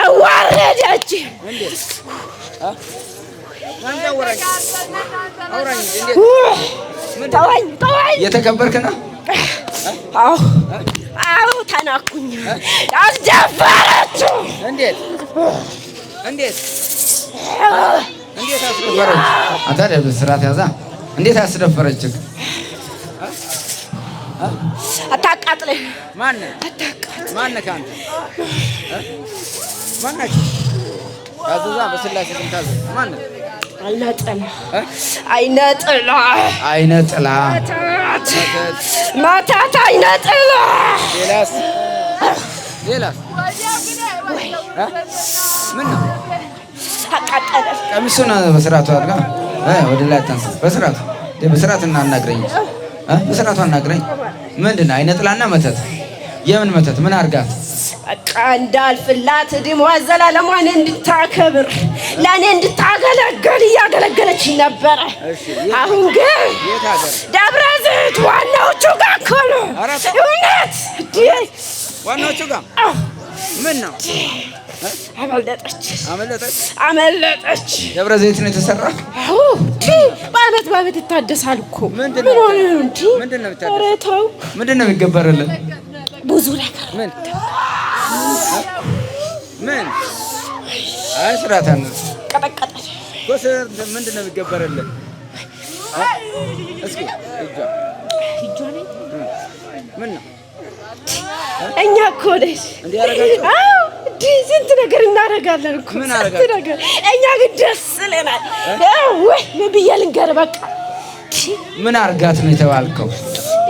አዋረደች፣ አዋረደች። ተወኝ፣ ተወኝ። የተከበርክ ነህ። አዎ፣ ተናኩኝ። አስደፈረችው። እንዴት እንዴት እንዴት አስደፈረችህ? አታቃጥለኝ። ማነህ ማነህ? ከአንተ ማናችሁ? ታዘዛ በስላሴ ስም ታዘዝ። ማነህ? አይነጥላ አይነጥላ አይነጥላ ማታት አይነጥላ። ሌላስ ሌላስ? ምነው አቃጠለኝ። ቀሚሱን በስርዓቱ አድርጋ ወደ ላይ አታንሳ። በስርዓቱ በስርዓቱ እናናግረኝ በስርዓቱ አናግረኝ ምንድን አይነ ጥላና መተት የምን መተት ምን አርጋት በቃ እንዳልፍላት እድሜዋ ዘላለሟን እንድታከብር ለእኔ እንድታገለግል እያገለገለች ነበረ። አሁን ግን ደብረ ዘይት ዋናዎቹ ጋር እኮ ነው እውነት ዋናዎቹ ጋር ምን ነው አመለጠች አመለጠች ደብረ ዘይት ነው የተሰራ። አዎ በዓመት ይታደሳል እኮ ምንድን ነው ምንድን ነው የሚገበርልን? ብዙ ነገር ምን ምን አይ ስራታ ነው ምንድን ነው የሚገበርልን? እስኪ እጇ እጇ ምን ነው እኛ እኮ ነሽ ስንት ነገር እናደርጋለን እኮ ስንት ነገር። እኛ ግን ደስ ይለናል። ወይ ምን ብዬ ልንገርህ? በቃ ምን አርጋት ነው የተባልከው?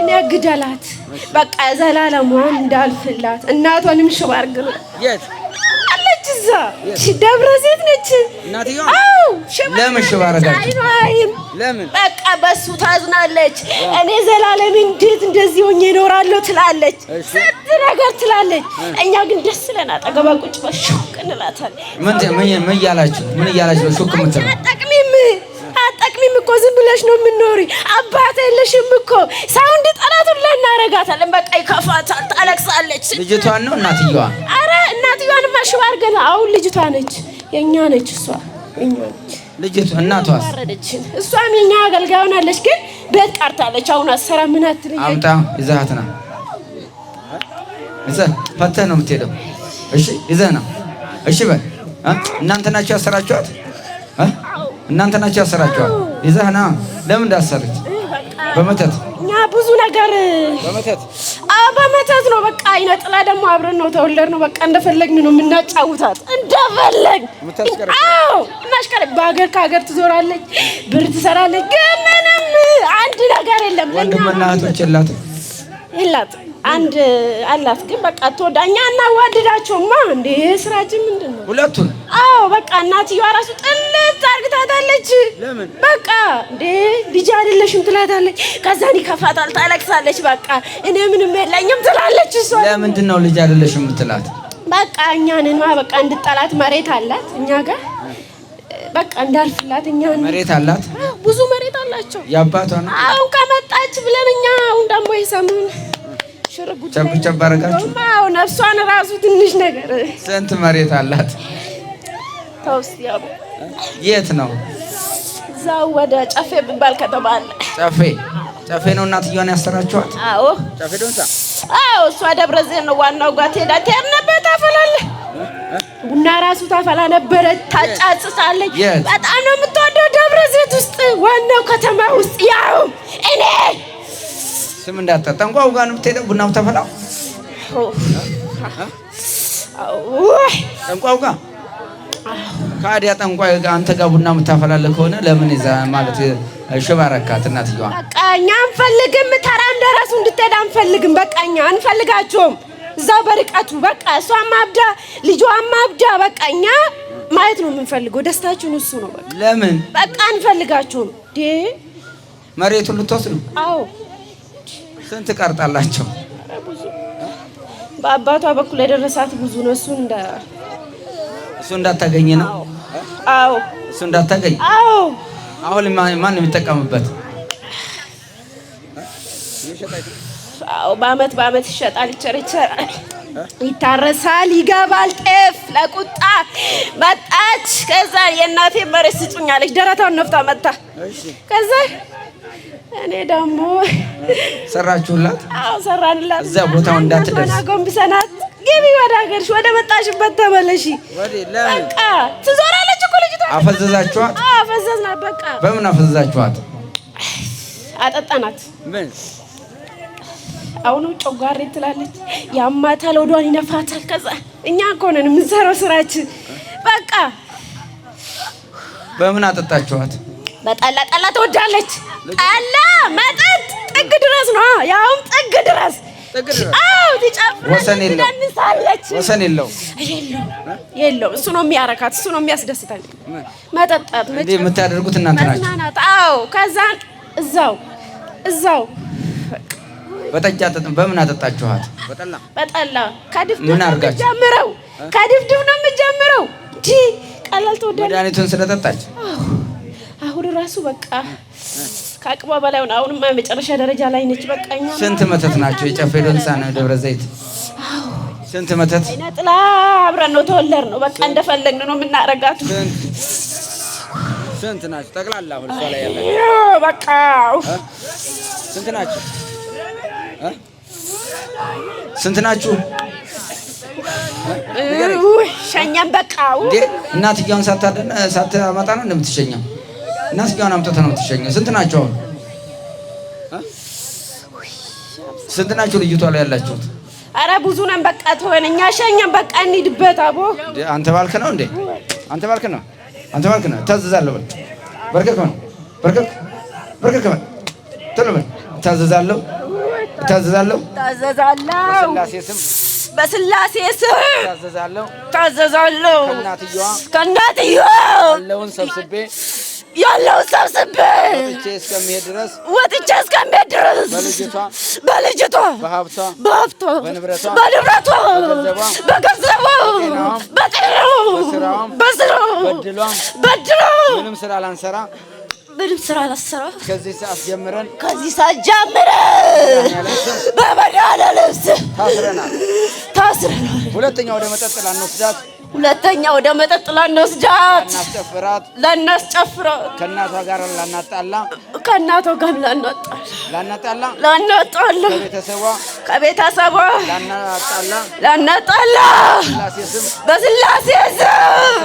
እኔ አግዳላት በቃ ዘላለሟን እንዳልፍላት እናቷንም ሽባ አርግላት ደብረ ዘይት ነች። ለምን ሽባ አረጋችሁ? ለምን በሱ ታዝናለች። እኔ ዘላለም እንዴት እንደዚህ ሆኜ እኖራለሁ ትላለች፣ ስንት ነገር ትላለች። እኛ ግን ደስ ለን አጠገባ ቁጭ በሹክ እንላታለን። ምን እያላችሁ ምን እያላችሁ ነው ሹክ አጠቅሚም አጠቅሚም እኮ ዝም ብለሽ ነው የምኖሪ፣ አባት የለሽም እኮ ሳውንድ ጠላት ሁላ እናረጋታለን። በቃ ይከፋታል፣ ታለቅሳለች። ልጅቷን ነው እናትየዋ? አረ እናትየዋንማ ሽባ አድርገን አሁን ልጅቷ ነች የእኛ ነች እሷ እኛ ነች ልጅቱ እናቷስ እሷም የኛ አገልጋይ ሆናለች፣ ግን ቤት ቀርታለች። አሁን አሰራ ምን አትልኝ። አምጣ ይዘሃት ና እዛ ፈተህ ነው የምትሄደው። እሺ ይዘህ ና። እሺ በል እናንተ ናችሁ ያሰራችኋት፣ እናንተ ናችሁ ያሰራችኋት። ይዘህ ና። ለምን እንዳሰረች በመተት እኛ ብዙ ነገር በመተት በመተት ነው በቃ። አይነ ጥላ ደግሞ አብረን ነው ተወለድን ነው በቃ። እንደፈለግን ነው የምናጫውታት እንደፈለግ። አዎ ማሽከረ በሀገር ከሀገር ትዞራለች፣ ብር ትሰራለች። ግን ምንም አንድ ነገር የለም። ወንድምና እህቶች የላትም የላት አንድ አላት ግን በቃ ተወዳኛ እናዋድዳቸውማ እንደ ስራችን ምንድን ነው ሁለቱን? አዎ በቃ እናትየዋ ራሱ ጥልት አርግታታለች። በቃ እንደ ልጅ አይደለሽም ትላታለች። ከዛን ይከፋታል፣ ታለቅሳለች። በቃ እኔ ምንም የለኝም ትላለች። እሷ ለምንድን ነው ልጅ አይደለሽም ትላት? በቃ እኛንማ በቃ እንድጠላት መሬት አላት እኛ ጋር በቃ እንዳልፍላት እኛ መሬት አላት። ብዙ መሬት አላቸው። የአባቷ ነው አሁን ከመጣች ብለን እኛ አሁን ደግሞ ይሰማል ጨብጨብ አደረጋችሁ። ነፍሷን ራሱ ትንሽ ነገር ስንት መሬት አላት? የት ነው? እዛው ወደ ጨፌ የሚባል ከተማ አለ። ጨፌ ጨፌ ነው እናትየዋን ያሰራችኋት? አዎ ጨፌ ዶንሳ። አዎ እሷ ደብረ ዘይት ነው ዋናው ጋር ትሄዳ ትሄድ ነበር። ታፈላለች፣ ቡና ራሱ ታፈላ ነበረ። ታጫጽሳለች። በጣም ነው የምትወደው። ደብረ ዘይት ውስጥ ዋናው ከተማ ስም እንዳታ ጠንቋው ጋር ነው የምትሄደው። ቡናው ተፈላው ጠንቋው ጋር ከአዲያ ጠንቋይ አንተ ጋር ቡና የምታፈላለህ ከሆነ ለምን ይዛ ማለት ሽባረካት እናትየዋ በቃ እኛ አንፈልግም። ተራ እንደራሱ እንድትሄድ አንፈልግም። በቃ እኛ አንፈልጋቸውም። እዛው በርቀቱ በቃ እሷ ማብዳ ልጇ ማብዳ በቃ እኛ ማየት ነው የምንፈልገው። ደስታችሁን እሱ ነው። በቃ ለምን በቃ አንፈልጋቸውም። መሬቱን ልትወስድ አዎ ስንት ቀርጣላቸው? በአባቷ በኩል የደረሳት ብዙ ነው። እሱ እንደ እሱ እንዳታገኝ ነው። አዎ እሱ እንዳታገኝ። አዎ አሁን ማን ነው የሚጠቀምበት? አዎ በአመት በአመት ይሸጣል፣ ይቸረቸራል፣ ይታረሳል፣ ይገባል። ጤፍ ለቁጣ መጣች። ከዛ የእናቴ መሬት ስጡኝ ደረታውን ነፍታ መጣ። ከዛ እኔ ደግሞ ሰራችሁላት? አዎ ሰራንላት። እዛ ቦታው እንዳትደርስ ጎንብሰናት፣ ግቢ ወደ ሀገርሽ ወደ መጣሽበት ተመለሺ። በቃ ትዞራለች እኮ ልጅቷ። አፈዘዛችኋት? አፈዘዝናት። በቃ በምን አፈዘዛችኋት? አጠጣናት። ምን አሁኑ ጮጋሬ ትላለች፣ ያማታል፣ ወዷን ይነፋታል። ከዛ እኛ እኮ ነን የምንሰራው ስራችን። በቃ በምን አጠጣችኋት? በጠላ ጠላ ትወዳለች አለ መጠጥ ጥግ ድረስ ነው። ያው ጥግ ድረስ ወሰን የለውም የለውም። እሱ ነው የሚያረካት፣ እሱ ነው የሚያስደስታት። መጠጣት የምታደርጉት እናንተ ናቸው። ከዛን እዛው እዛው በጠጃ በምን አጠጣችኋት? በጠላ ከድፍድፍ ነው የምጀምረው፣ ከድፍድፍ ነው የምጀምረው። ቀላል ተወዳለች መድኃኒቱን ስለጠጣች አሁን ራሱ በቃ ከአቅሟ በላይ ሆነ። አሁንማ የመጨረሻ ደረጃ ላይ ነች። በቃ እኛ ስንት መተት ናቸው? የጨፌ ዶንሳ ነው ደብረ ዘይት ስንት መተት ነጥላ አብረን ነው ተወለድ ነው። በቃ እንደፈለግን ነው የምናረጋቱ። ስንት ናቸው ጠቅላላ? አሁን እሷ ላይ ያለ በቃ ስንት ናቸው? ስንት ናችሁ? ሸኛም በቃ እናትየውን ሳታመጣ ነው እንደምትሸኘው እና ስጋውን አምጥተህ ነው የምትሸኘው። ስንት ናቸው? ስንት ናቸው? ልጅቷ ላይ ያላችሁት? አረ ብዙ ነን። በቃ ተወን፣ እኛ ሸኘን። በቃ እንሂድበት። አቦ አንተ ባልክ ነው እንዴ? አንተ ባልክ ነው፣ አንተ ባልክ ነው። ታዘዛለሁ በል በርከክ በል በርከክ በርከክ በል ቶሎ በል ታዘዛለሁ፣ ታዘዛለሁ፣ በስላሴ ስም ታዘዛለሁ፣ ታዘዛለሁ ከእናትየዋ ከእናትየዋ ያለውን ሰብስቤ ያለው ሰብስቤ እስከሚሄድ ድረስ ወጥቼ እስከሚሄድ ድረስ በልጅቷ በሀብቷ በንብረቷ በገንዘቧ በጤናው በስራው በድለው ምንም ስራ ላንሰራ ምንም ስራ ከዚህ ሰዓት ጀምረን ከዚህ ሰዓት ጀምረን በመድኃኒዓለም ታስረናል ታስረናል። ሁለተኛ ወደ መጠጥ ላንወስዳት ሁለተኛ ወደ መጠጥ ላናስጃት ላናስጨፍራት ከእናቷ ጋር ላናጣላ ከእናቷ ጋር ላናጣላ ላናጣላ ከቤተሰቧ ላናጣላ በስላሴ ስም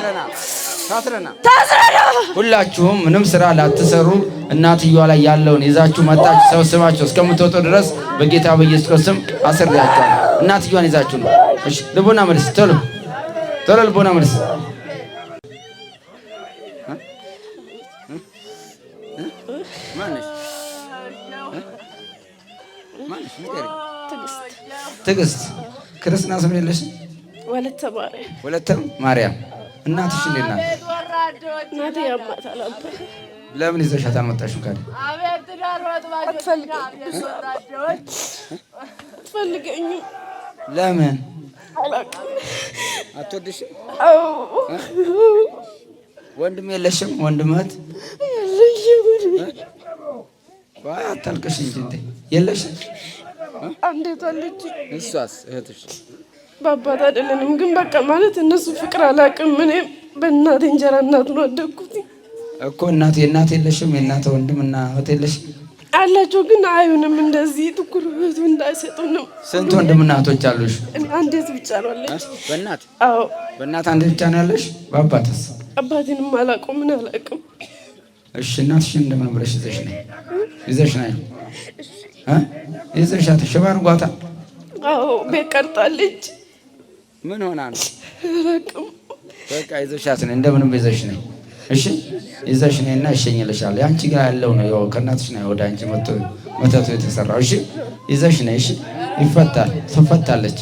ሁላችሁም ምንም ስራ ላትሰሩ እናትየዋ ላይ ያለውን ይዛችሁ መጣችሁ ሰብስባችሁ እስከምትወጡ ድረስ በጌታ በኢየሱስ ክርስቶስ ስም አስሬያችኋለሁ። እናትየዋን ይዛችሁ ነው። እሺ ልቦና መልስ ቶሎ ቶሎ ልቦና መልስ። ትዕግስት ክርስትና ስም የለሽ? ወለተ ማርያም። እናትሽ እንዴት ናት? እናቴ ያማታል። ለምን ይዘሻት አልመጣሽም? ካለ አትፈልገኝም። ለምን አትወድሽም? ወንድም የለሽም? ወንድመት አታልቅሽ እንጂ የለሽም? አንዴቷ ልጅ እሷስ እህትሽ በአባት አይደለንም ግን በቃ ማለት እነሱ ፍቅር አላውቅም። እኔ በእናቴ እንጀራ እናቱን ወደኩት እኮ እናቴ እናቴ የለሽም? የእናተ ወንድም እና እህት የለሽም? ያላቸው ግን አይሆንም። እንደዚህ ትኩርበቱ እንዳይሰጡንም ስንት ወንድም እናቶች አሉሽ? አንዴት ብቻ ነው አለች። በእናት አዎ፣ በእናት አንዴት ብቻ ነው ያለሽ። በአባትስ? አባቴንም አላውቀውም፣ ምን አላውቅም። እሺ፣ እናትሽን እንደምን ብለሽ ይዘሽ ነው ይዘሽ ነው ይዘሽ ሽባ ጓታ። አዎ፣ ቤት ቀርጣለች። ምን ሆና ነው አላውቅም። በቃ ይዘሻት ነው እንደምንም ይዘሽ ነው እሺ ይዘሽ ነይና ይሸኝልሻል። ያንቺ ጋር ያለው ነው ያው ከእናትሽ ነው ወደ አንቺ መተቱ የተሰራው። እሺ ይዘሽ ነይ። እሺ ይፈታል፣ ትፈታለች።